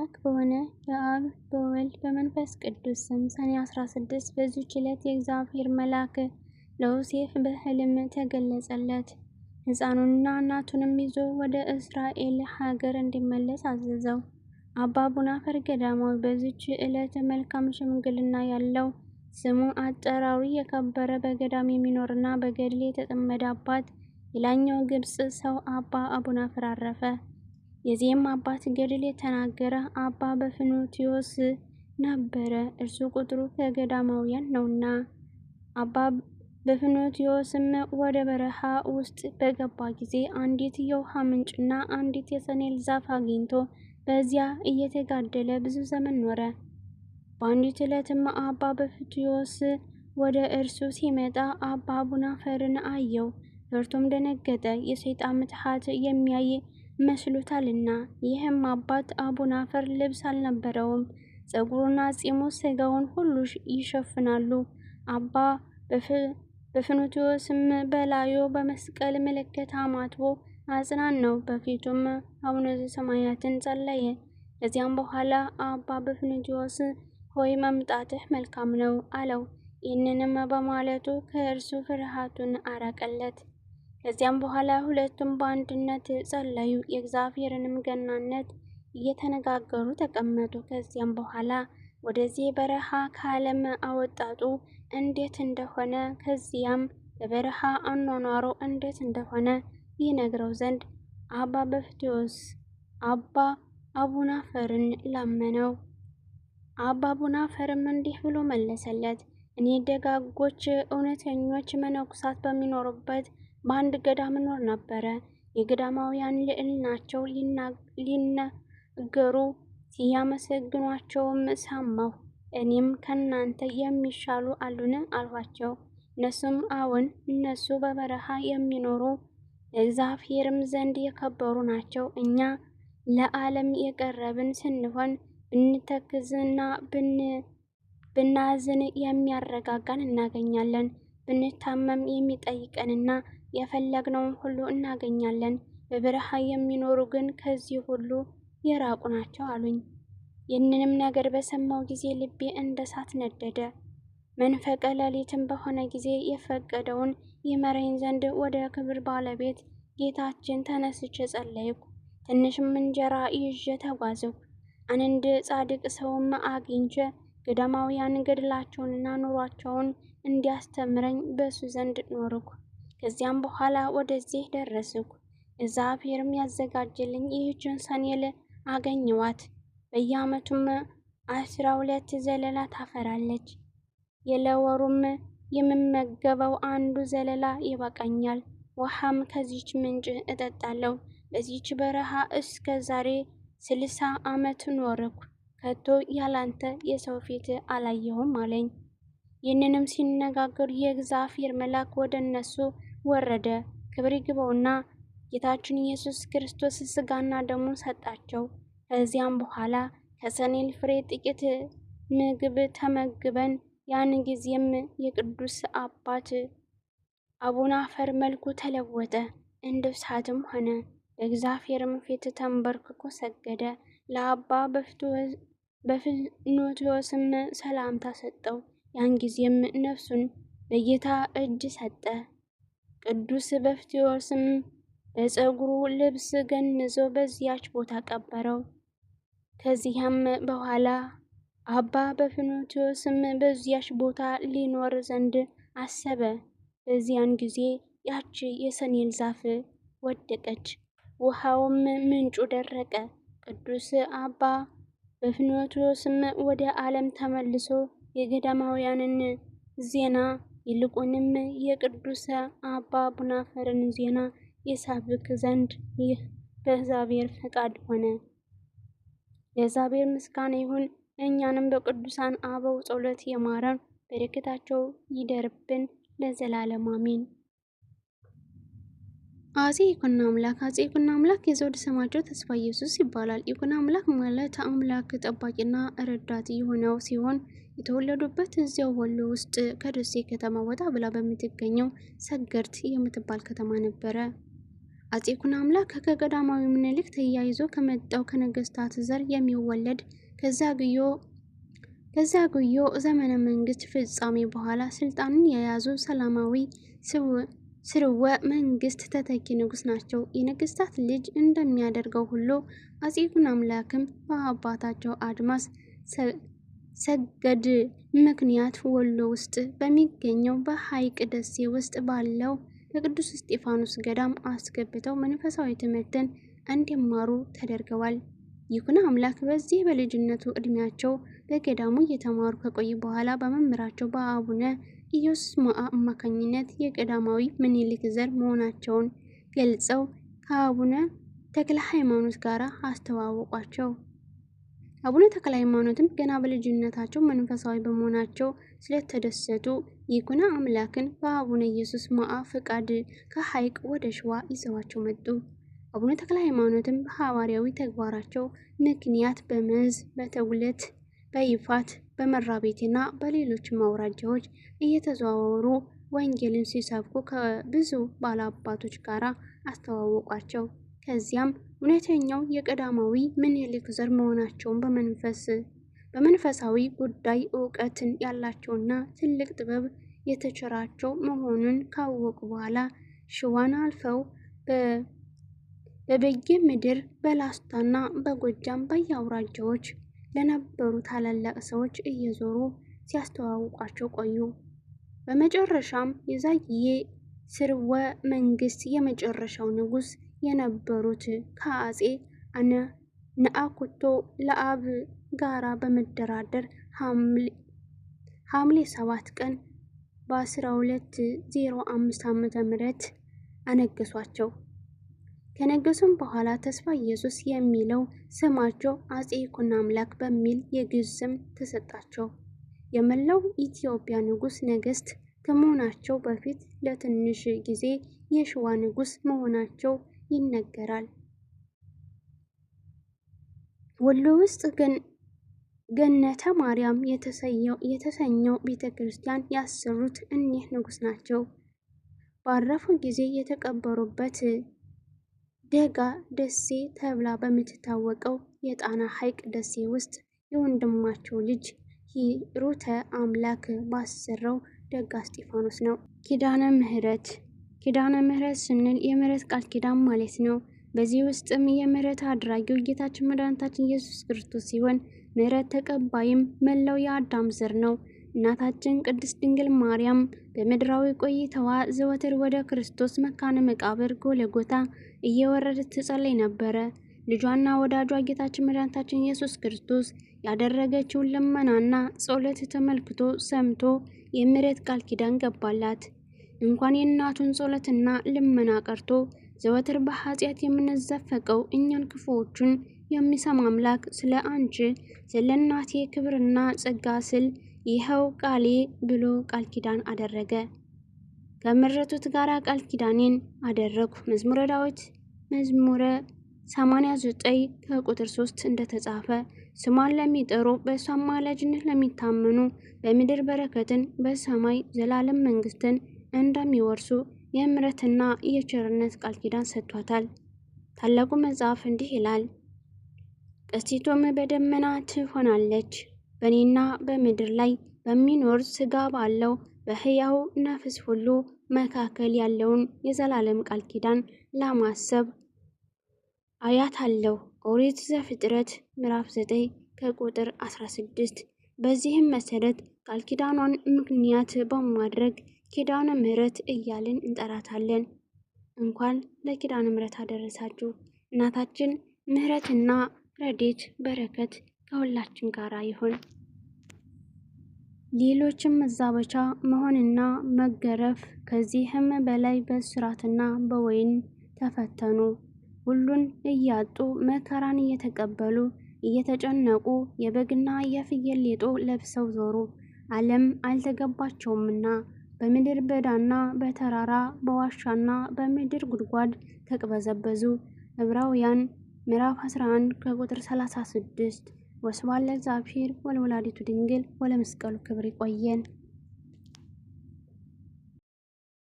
አምላክ በሆነ በአብ በወልድ በመንፈስ ቅዱስ ስም ሰኔ 16 በዚች ዕለት የእግዚአብሔር መልአክ ለዮሴፍ በሕልም ተገለጸለት። ሕፃኑንና እናቱንም ይዞ ወደ እስራኤል ሀገር እንዲመለስ አዘዘው። አባ ቡናፈር ገዳማዊ በዚች ዕለት መልካም ሽምግልና ያለው ስሙ አጠራሩ የከበረ በገዳም የሚኖርና በገድል የተጠመደ አባት ሌላኛው ግብፅ ሰው አባ አቡናፍር አረፈ። የዚህም አባት ገድል የተናገረ አባ በፍኖቲዮስ ነበረ፣ እርሱ ቁጥሩ ከገዳማውያን ነውና። አባ በፍኖቲዮስም ወደ በረሃ ውስጥ በገባ ጊዜ አንዲት የውሃ ምንጭና አንዲት የሰኔል ዛፍ አግኝቶ በዚያ እየተጋደለ ብዙ ዘመን ኖረ። በአንዲት ዕለትም አባ በፍኑትዮስ ወደ እርሱ ሲመጣ አባ ቡናፈርን አየው፣ እርሱም ደነገጠ። የሰይጣን ምትሐት የሚያይ መስሎታልና ይህም አባት አፈር ልብስ አልነበረውም። ጸጉሩና ጺሙ ስጋውን ሁሉ ይሸፍናሉ። አባ ስም በላዩ በመስቀል ምልክት አማትቦ አጽናን ነው። በፊቱም አቡነ ሰማያትን ጸለየ። ከዚያም በኋላ አባ በፍኑቲዎስ ሆይ መምጣትህ መልካም ነው አለው። ይህንንም በማለቱ ከእርሱ ፍርሃቱን አራቀለት። ከዚያም በኋላ ሁለቱም በአንድነት ጸለዩ፣ የእግዚአብሔርንም ገናነት እየተነጋገሩ ተቀመጡ። ከዚያም በኋላ ወደዚህ በረሃ ከዓለም አወጣጡ እንዴት እንደሆነ ከዚያም በበረሃ አኗኗሩ እንዴት እንደሆነ ይነግረው ዘንድ አባ በፍቴዎስ አባ አቡናፈርን ላመነው። አባ አቡናፈርም እንዲህ ብሎ መለሰለት፣ እኔ ደጋጎች እውነተኞች መነኩሳት በሚኖሩበት በአንድ ገዳም እኖር ነበረ። የገዳማውያን ልዕልናቸው ሊነገሩ ሲያመሰግኗቸውም ሰማሁ። እኔም ከእናንተ የሚሻሉ አሉን አልኋቸው። እነሱም አዎን፣ እነሱ በበረሃ የሚኖሩ እግዚአብሔርም ዘንድ የከበሩ ናቸው። እኛ ለዓለም የቀረብን ስንሆን ብንተክዝና ብናዝን የሚያረጋጋን እናገኛለን። ብንታመም የሚጠይቀንና የፈለግነውን ሁሉ እናገኛለን። በበረሃ የሚኖሩ ግን ከዚህ ሁሉ የራቁ ናቸው አሉኝ። ይህንንም ነገር በሰማው ጊዜ ልቤ እንደ እሳት ነደደ። መንፈቀ ሌሊትም በሆነ ጊዜ የፈቀደውን ይመረኝ ዘንድ ወደ ክብር ባለቤት ጌታችን ተነስቼ ጸለይኩ። ትንሽም እንጀራ ይዤ ተጓዝኩ። አንድ ጻድቅ ሰውም አግኝቼ ገዳማውያን ገድላቸውንና ኑሯቸውን እንዲያስተምረኝ በእሱ ዘንድ ኖርኩ። ከዚያም በኋላ ወደዚህ ደረስኩ። እግዚአብሔርም ያዘጋጀልኝ ይህችን ሰኔል አገኘዋት። በየዓመቱም አስራ ሁለት ዘለላ ታፈራለች። የለወሩም የምመገበው አንዱ ዘለላ ይበቃኛል። ውሃም ከዚች ምንጭ እጠጣለሁ። በዚች በረሃ እስከ ዛሬ ስልሳ ዓመት ኖርኩ፣ ከቶ ያላንተ የሰው ፊት አላየሁም አለኝ። ይህንንም ሲነጋገሩ የእግዚአብሔር መልአክ ወደ እነሱ ወረደ። ክብር ይግባውና ጌታችን ኢየሱስ ክርስቶስ ስጋና ደሙን ሰጣቸው። ከዚያም በኋላ ከሰኔል ፍሬ ጥቂት ምግብ ተመግበን ያን ጊዜም የቅዱስ አባት አፈር መልኩ ተለወጠ፣ እንደ እሳትም ሆነ። በእግዚአብሔርም ፊት ተንበርክኮ ሰገደ። ለአባ በፍኖቴዎስም ሰላምታ ሰጠው። ያን ጊዜም ነፍሱን በጌታ እጅ ሰጠ። ቅዱስ በፍቲዮስም በፀጉሩ ልብስ ገንዞ በዚያች ቦታ ቀበረው። ከዚያም በኋላ አባ በፍኖትዮስም በዚያች ቦታ ሊኖር ዘንድ አሰበ። በዚያን ጊዜ ያች የሰኔል ዛፍ ወደቀች፣ ውሃውም ምንጩ ደረቀ። ቅዱስ አባ በፍኖትዮስም ወደ ዓለም ተመልሶ የገዳማውያንን ዜና ይልቁንም የቅዱስ አባ ቡናፈርን ዜና የሳብክ ዘንድ ይህ በእግዚአብሔር ፈቃድ ሆነ። ለእግዚአብሔር ምስጋና ይሁን። እኛንም በቅዱሳን አበው ጸሎት የማረን በረከታቸው ይደርብን ለዘላለም አሜን። አፄ ይኩኖ አምላክ አፄ ይኩኖ አምላክ የዘውድ ስማቸው ተስፋ ኢየሱስ ይባላል። ይኩኖ አምላክ ማለት አምላክ ጠባቂና ረዳት የሆነው ሲሆን የተወለዱበት እዚያው ወሎ ውስጥ ከደሴ ከተማ ወጣ ብላ በምትገኘው ሰገርት የምትባል ከተማ ነበረ። አጼ ይኩኖ አምላክ ከቀዳማዊ ምኒልክ ተያይዞ ከመጣው ከነገስታት ዘር የሚወለድ ከዛ ጉዮ ዘመነ መንግስት ፍጻሜ በኋላ ስልጣንን የያዙ ሰላማዊ ስርወ መንግስት ተተኪ ንጉስ ናቸው። የነገስታት ልጅ እንደሚያደርገው ሁሉ አፄ ይኩኖ አምላክም በአባታቸው አድማስ ሰገድ ምክንያት ወሎ ውስጥ በሚገኘው በሐይቅ ደሴ ውስጥ ባለው በቅዱስ እስጢፋኖስ ገዳም አስገብተው መንፈሳዊ ትምህርትን እንዲማሩ ተደርገዋል። ይኩኖ አምላክ በዚህ በልጅነቱ ዕድሜያቸው በገዳሙ እየተማሩ ከቆዩ በኋላ በመምህራቸው በአቡነ ኢየሱስ አማካኝነት የቀዳማዊ ምኒልክ ዘር መሆናቸውን ገልጸው ከአቡነ ተክለ ሃይማኖት ጋር አስተዋወቋቸው። አቡነ ተክለ ሃይማኖትም ገና በልጅነታቸው መንፈሳዊ በመሆናቸው ስለተደሰቱ ይኩነ አምላክን በአቡነ ኢየሱስ መዓ ፈቃድ ከሐይቅ ወደ ሸዋ ይዘዋቸው መጡ። አቡነ ተክለ ሃይማኖትም በሐዋርያዊ ተግባራቸው ምክንያት በመዝ በተውለት በይፋት በመራቤቴና በሌሎችም አውራጃዎች እየተዘዋወሩ ወንጌልን ሲሰብኩ ከብዙ ባለአባቶች ጋር አስተዋወቋቸው። ከዚያም እውነተኛው የቀዳማዊ ምኒልክ ዘር መሆናቸውን በመንፈስ በመንፈሳዊ ጉዳይ እውቀትን ያላቸውና ትልቅ ጥበብ የተቸራቸው መሆኑን ካወቁ በኋላ ሽዋን አልፈው በበጌ ምድር በላስታና በጎጃም በየአውራጃዎች ለነበሩ ታላላቅ ሰዎች እየዞሩ ሲያስተዋውቋቸው ቆዩ። በመጨረሻም የዛዬ ስርወ መንግስት የመጨረሻው ንጉስ የነበሩት ከአጼ ነአኩቶ ለአብ ጋራ በመደራደር ሐምሌ 7 ቀን በ1205 ም አነገሷቸው። ከነገሱም በኋላ ተስፋ ኢየሱስ የሚለው ስማቸው አጼ ይኩኖ አምላክ በሚል የግዕዝ ስም ተሰጣቸው። የመላው ኢትዮጵያ ንጉሥ ነገሥት ከመሆናቸው በፊት ለትንሽ ጊዜ የሸዋ ንጉሥ መሆናቸው ይነገራል። ወሎ ውስጥ ገነተ ማርያም የተሰኘው ቤተ ክርስቲያን ያሰሩት እኒህ ንጉሥ ናቸው። ባረፉ ጊዜ የተቀበሩበት ደጋ ደሴ ተብላ በምትታወቀው የጣና ሐይቅ ደሴ ውስጥ የወንድማቸው ልጅ ሂሩተ አምላክ ባሰራው ደጋ እስጢፋኖስ ነው። ኪዳነ ምህረት ኪዳነ ምህረት ስንል የምህረት ቃል ኪዳን ማለት ነው። በዚህ ውስጥም የምህረት አድራጊው ጌታችን መድኃኒታችን ኢየሱስ ክርስቶስ ሲሆን ምህረት ተቀባይም መላው የአዳም ዘር ነው። እናታችን ቅድስት ድንግል ማርያም በምድራዊ ቆይታዋ ዘወትር ወደ ክርስቶስ መካነ መቃብር ጎለጎታ እየወረደች ትጸለይ ነበረ። ልጇና ወዳጇ ጌታችን መድኃኒታችን ኢየሱስ ክርስቶስ ያደረገችውን ልመናና ጸሎት ተመልክቶ ሰምቶ የምሕረት ቃል ኪዳን ገባላት። እንኳን የእናቱን ጸሎትና ልመና ቀርቶ ዘወትር በኃጢአት የምንዘፈቀው እኛን ክፉዎቹን የሚሰማ አምላክ ስለ አንቺ ስለ እናቴ ክብርና ጸጋ ስል ይኸው ቃሌ ብሎ ቃል ኪዳን አደረገ። ከምረቱት ጋር ቃል ኪዳኔን አደረኩ። መዝሙረ ዳዊት መዝሙረ 89 ከቁጥር 3 እንደተጻፈ ስሟን ለሚጠሩ በእሷ አማላጅነት ለሚታመኑ በምድር በረከትን በሰማይ ዘላለም መንግስትን እንደሚወርሱ የምሕረትና የቸርነት ቃል ኪዳን ሰጥቷታል። ታላቁ መጽሐፍ እንዲህ ይላል፣ ቀስቲቱም በደመና ትሆናለች፣ በእኔና በምድር ላይ በሚኖር ስጋ ባለው በሕያው ነፍስ ሁሉ መካከል ያለውን የዘላለም ቃል ኪዳን ለማሰብ አያት አለው። ኦሪት ዘፍጥረት ምዕራፍ 9 ከቁጥር 16። በዚህም መሰረት ቃል ኪዳኗን ምክንያት በማድረግ ኪዳነ ምሕረት እያልን እንጠራታለን። እንኳን ለኪዳነ ምሕረት አደረሳችሁ። እናታችን ምሕረትና ረዴት በረከት ከሁላችን ጋር ይሁን። ሌሎችም መዛበቻ መሆንና መገረፍ ከዚህም በላይ በስራትና በወይን ተፈተኑ። ሁሉን እያጡ መከራን እየተቀበሉ እየተጨነቁ የበግና የፍየል ሌጦ ለብሰው ዞሩ። ዓለም አልተገባቸውምና በምድር በዳና በተራራ በዋሻና በምድር ጉድጓድ ተቅበዘበዙ። ዕብራውያን ምዕራፍ 11 ከቁጥር 36 ወስብሐት ለእግዚአብሔር ወለወላዲቱ ድንግል ወለመስቀሉ ክብር ይቆየን።